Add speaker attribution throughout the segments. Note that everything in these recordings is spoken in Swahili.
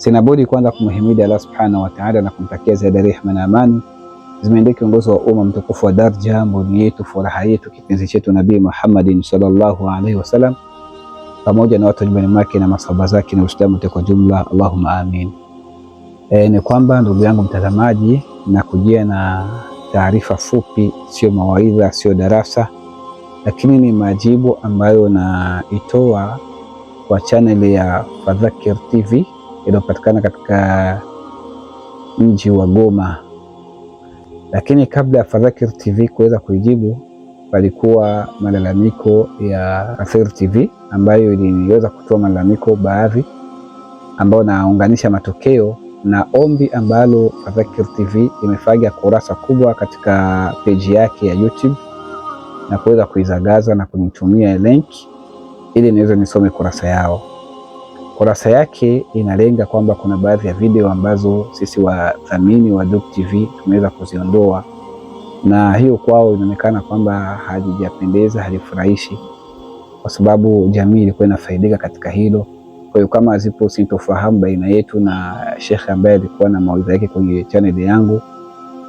Speaker 1: Sina budi kwanza kumhimidi Allah subhanahu wa ta'ala na kumtakia ziada rehema na amani zimeendea kiongozi wa umma mtukufu wa daraja, mboni yetu, furaha yetu, kipenzi chetu Nabii Muhammad sallallahu alaihi wasallam pamoja na watu nyumbani mwake na masahaba zake na Uislamu kwa jumla, Allahumma amin. E, ni kwamba ndugu yangu mtazamaji, na kujia na taarifa fupi, sio mawaidha, sio darasa, lakini ni majibu ambayo naitoa kwa chaneli ya Fadhakir TV inayopatikana katika mji wa Goma. Lakini kabla ya Fadhakir TV kuweza kuijibu, palikuwa malalamiko ya Athir TV ambayo iliweza kutoa malalamiko baadhi, ambayo naunganisha matokeo na ombi ambalo Fadhakir TV imefanya kurasa kubwa katika peji yake ya YouTube na kuweza kuizagaza na kunitumia link ili niweze nisome kurasa yao. Kurasa yake inalenga kwamba kuna baadhi ya video ambazo sisi wadhamini wa Duke TV tumeweza kuziondoa, na hiyo kwao inaonekana kwamba halijapendeza, halifurahishi, kwa sababu jamii ilikuwa inafaidika katika hilo. Kwa hiyo kama zipo sintofahamu baina yetu na shekhe ambaye alikuwa na mawaidha yake kwenye chaneli yangu,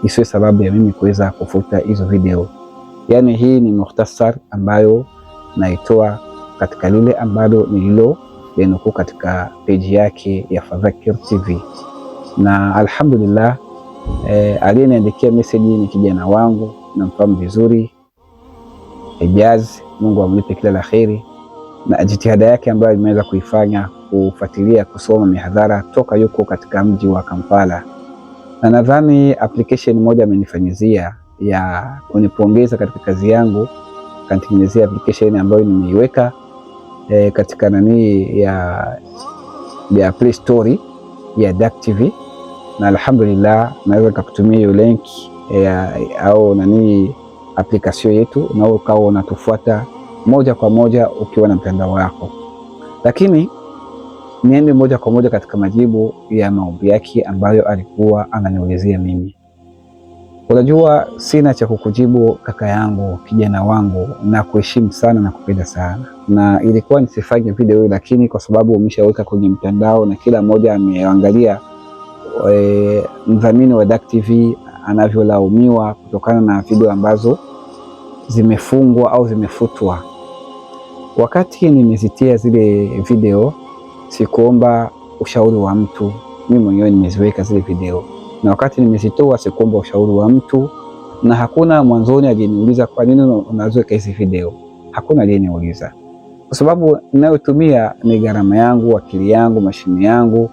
Speaker 1: isiwe sababu ya mimi kuweza kufuta hizo video. Yani hii ni mukhtasar ambayo naitoa katika lile ambalo nililo yanukuu katika peji yake ya Fadhakir TV na alhamdulillah, e, aliyeniandikia meseji ni kijana wangu, namfahamu vizuri Ijazi. Mungu amlipe kila la kheri na jitihada yake ambayo imeweza kuifanya kufuatilia kusoma mihadhara toka yuko katika mji wa Kampala, na nadhani application moja amenifanyizia ya kunipongeza katika kazi yangu, kanitengenezea application ambayo nimeiweka e, katika nani ya, ya Play Store ya Dak TV na alhamdulillah, naweza kakutumia hiyo link ya eh, au nani aplikasio yetu, na ukawa unatufuata moja kwa moja ukiwa na mtandao wako. Lakini niende moja kwa moja katika majibu ya maombi yake ambayo alikuwa ananiulizia mimi. Unajua, sina cha kukujibu kaka yangu, kijana wangu, na kuheshimu sana na kupenda sana, na ilikuwa nisifanye video hii, lakini kwa sababu umeshaweka kwenye mtandao na kila mmoja ameangalia e, mdhamini wa Dak TV anavyolaumiwa kutokana na video ambazo zimefungwa au zimefutwa. Wakati nimezitia zile video, sikuomba ushauri wa mtu, mimi mwenyewe nimeziweka zile video na wakati nimezitoa sikuomba ushauri wa mtu, na hakuna mwanzoni aliyeniuliza kwa nini unaziweka hizi video. Hakuna aliyeniuliza kwa sababu ninayotumia ni gharama yangu, akili yangu, mashine yangu,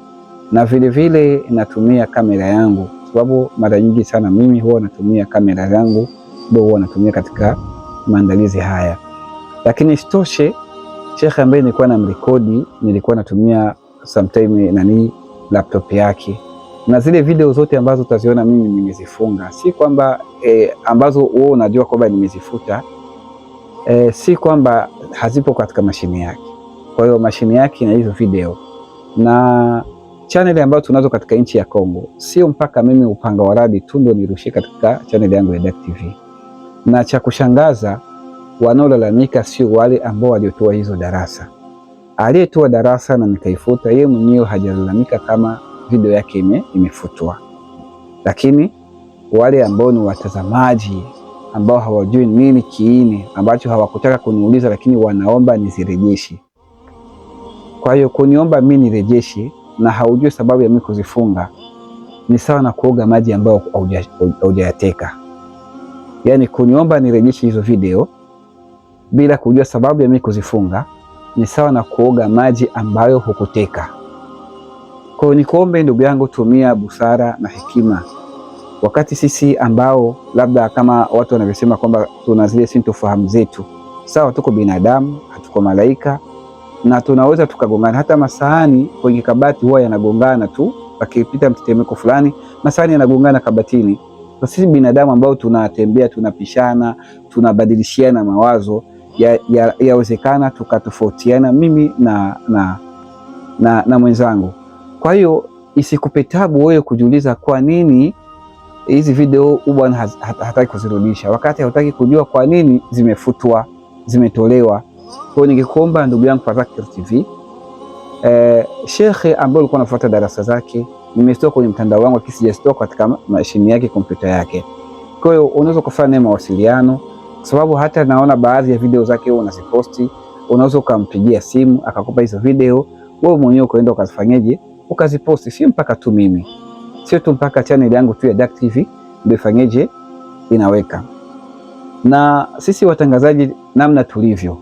Speaker 1: na vilevile vile natumia kamera yangu, kwa sababu mara nyingi sana mimi huwa natumia kamera zangu ndio huwa natumia katika maandalizi haya. Lakini sitoshe, shekhe ambaye nilikuwa na mrekodi, nilikuwa natumia sometime nani laptop yake na zile video zote ambazo utaziona mimi nimezifunga, si kwamba e, ambazo wewe unajua kwamba nimezifuta e, si kwamba hazipo katika mashine yake. Kwa hiyo mashine yake na hizo video na chaneli ambayo tunazo katika nchi ya Kongo, sio mpaka mimi upanga wa radi tu ndio nirushie katika chaneli yangu ya Dak TV. Na cha kushangaza, wanaolalamika sio wale ambao waliotoa hizo darasa. Aliyetoa darasa na nikaifuta, yeye mwenyewe hajalalamika kama video yake ime, imefutwa. Lakini wale ambao ni watazamaji ambao hawajui nini kiini ambacho hawakutaka kuniuliza, lakini wanaomba nizirejeshi. Kwa hiyo kuniomba mimi nirejeshi na haujui sababu ya mimi kuzifunga ni sawa na kuoga maji ambayo haujayateka. Yaani kuniomba nirejeshe hizo video bila kujua sababu ya mimi kuzifunga ni sawa na kuoga maji ambayo hukuteka. Kwa hiyo nikuombe ndugu yangu, tumia busara na hekima, wakati sisi ambao labda kama watu wanavyosema kwamba tuna zile sintofahamu zetu. Sawa, tuko binadamu, hatuko malaika na tunaweza tukagongana. Hata masahani kwenye kabati huwa yanagongana tu, akipita mtetemeko fulani masahani yanagongana kabatini. Kwa sisi binadamu ambao tunatembea, tunapishana, tunabadilishiana mawazo, yawezekana ya, ya tukatofautiana mimi na, na, na, na mwenzangu kwa hiyo isikupe tabu wewe kujiuliza kwa nini hizi video bwana hataki kuzirudisha, wakati hautaki kujua kwa nini zimefutwa, zimetolewa. Kwa hiyo ningekuomba ndugu yangu kwa Zakir TV eh, shekhe ambaye ulikuwa unafuata darasa zake nimesitoa kwenye mtandao wangu, lakini sijasitoa katika mashine yake, kompyuta yake. Kwa hiyo unaweza kufanya naye mawasiliano, kwa sababu hata naona baadhi ya video zake wewe unaziposti, unaweza ukampigia simu akakupa hizo video wewe mwenyewe ukaenda ukazifanyaje ukaziposti, sio mpaka tu mimi, sio tu mpaka channel yangu tu ya Dak TV ndio ifanyeje inaweka. Na sisi watangazaji namna tulivyo,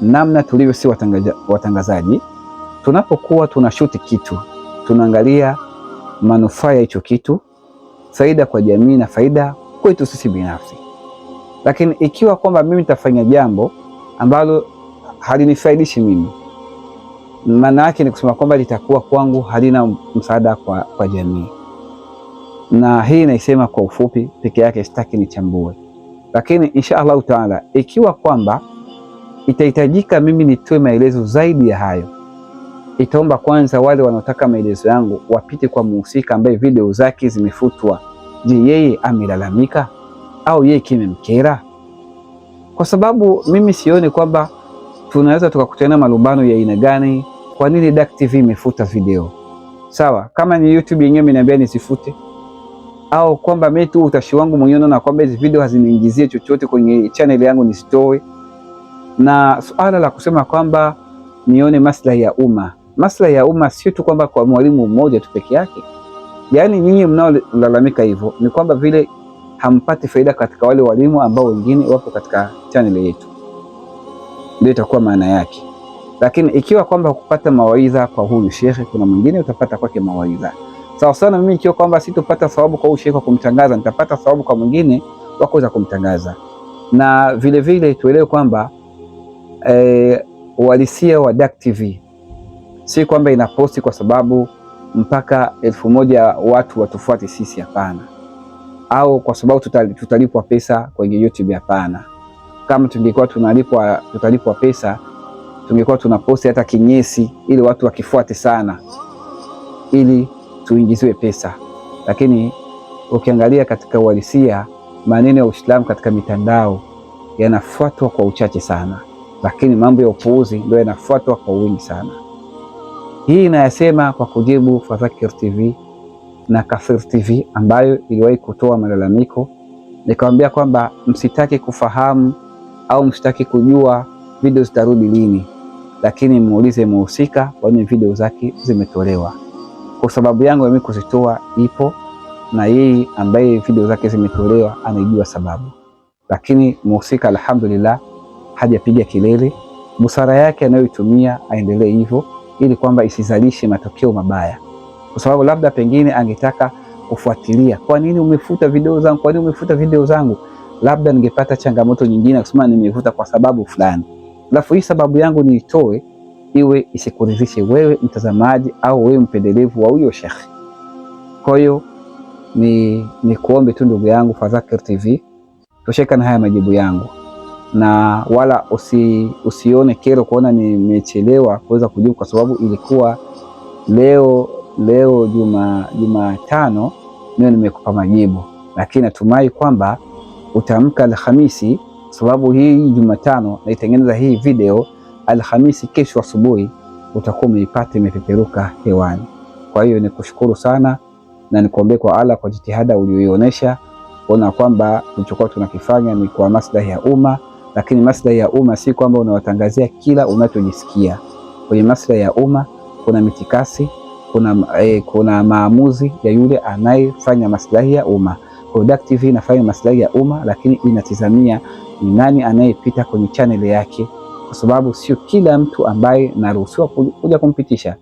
Speaker 1: namna tulivyo si watangazaji tunapokuwa tunashuti kitu tunaangalia manufaa ya hicho kitu, faida kwa jamii na faida kwetu sisi binafsi. Lakini ikiwa kwamba mimi nitafanya jambo ambalo halinifaidishi mimi maana yake ni kusema kwamba litakuwa kwangu halina msaada kwa, kwa jamii. Na hii naisema kwa ufupi peke yake, sitaki nichambue, lakini insha Allahu taala, ikiwa kwamba itahitajika mimi nitoe maelezo zaidi ya hayo, itaomba kwanza wale wanaotaka maelezo yangu wapite kwa muhusika ambaye video zake zimefutwa. Je, yeye amelalamika au yeye kimemkera? Kwa sababu mimi sioni kwamba tunaweza tukakutana malumbano ya aina gani kwa nini Dak TV imefuta video? Sawa, kama ni YouTube yenyewe imeniambia nisifute, au kwamba mimi tu utashi wangu mwenyewe naona kwamba hizi video haziniingizie chochote kwenye channel yangu ni story. Na suala la kusema kwamba nione maslahi ya umma, maslahi ya umma sio tu kwamba kwa mwalimu mmoja tu peke yake. Yaani nyinyi mnaolalamika hivyo ni kwamba vile hampati faida katika wale walimu ambao wengine wapo katika channel yetu, ndio itakuwa maana yake. Lakini ikiwa kwamba kupata mawaidha kwa huyu shekhe, kuna mwingine utapata kwake mawaidha sawa sana. Mimi ikiwa kwamba sitopata thawabu kwa huyu shekhe kumtangaza, nitapata thawabu kwa mwingine wa kuweza kumtangaza. Na vile vile tuelewe kwamba e, wa Dak TV si kwamba inaposti kwa sababu mpaka elfu moja watu watufuati sisi, hapana, au kwa sababu tutalipwa pesa kwenye YouTube, hapana. Kama tungekuwa tunalipwa tutalipwa pesa tungekuwa tuna posti hata kinyesi ili watu wakifuate sana, ili tuingiziwe pesa. Lakini ukiangalia katika uhalisia, maneno ya Uislamu katika mitandao yanafuatwa kwa uchache sana, lakini mambo ya upuuzi ndio yanafuatwa kwa wingi sana. Hii inayasema kwa kujibu Fadhakir TV na Kathir TV ambayo iliwahi kutoa malalamiko, nikamwambia kwamba msitaki kufahamu au msitaki kujua video zitarudi lini lakini muulize muhusika kwa nini video zake zimetolewa. Kwa sababu yangu mimi kuzitoa ipo, na yeye ambaye video zake zimetolewa anaijua sababu, lakini muhusika alhamdulillah hajapiga kelele. Busara yake anayoitumia aendelee hivyo, ili kwamba isizalishe matokeo mabaya, kwa sababu labda pengine angetaka kufuatilia, kwa nini umefuta video zangu, kwa nini umefuta video zangu, labda ningepata changamoto nyingine kusema nimefuta kwa sababu fulani. Alafu hii sababu yangu niitoe iwe isikuridhishe wewe mtazamaji au wewe mpendelevu wa huyo Sheikh. Kwa hiyo ni nikuombe tu ndugu yangu Fadhakir TV, tosheka na haya majibu yangu na wala usi, usione kero kuona nimechelewa kuweza kujibu kwa sababu ilikuwa leo leo juma Jumatano ndio nimekupa majibu, lakini natumai kwamba utaamka Alhamisi sababu hii Jumatano naitengeneza hii video, Alhamisi kesho asubuhi utakuwa umeipata imepeperuka hewani. Kwa hiyo nikushukuru sana na nikuombee kwa Allah kwa jitihada uliyoionyesha kuona kwamba tulichokuwa tunakifanya ni kwa maslahi ya umma, lakini maslahi ya umma si kwamba unawatangazia kila unachojisikia. Kwenye maslahi ya umma kuna mitikasi, kuna, eh, kuna maamuzi ya yule anayefanya maslahi ya umma. Kwa DAC TV inafanya maslahi ya umma, lakini inatizamia ni nani anayepita kwenye chaneli yake, kwa sababu sio kila mtu ambaye naruhusiwa kuja kumpitisha.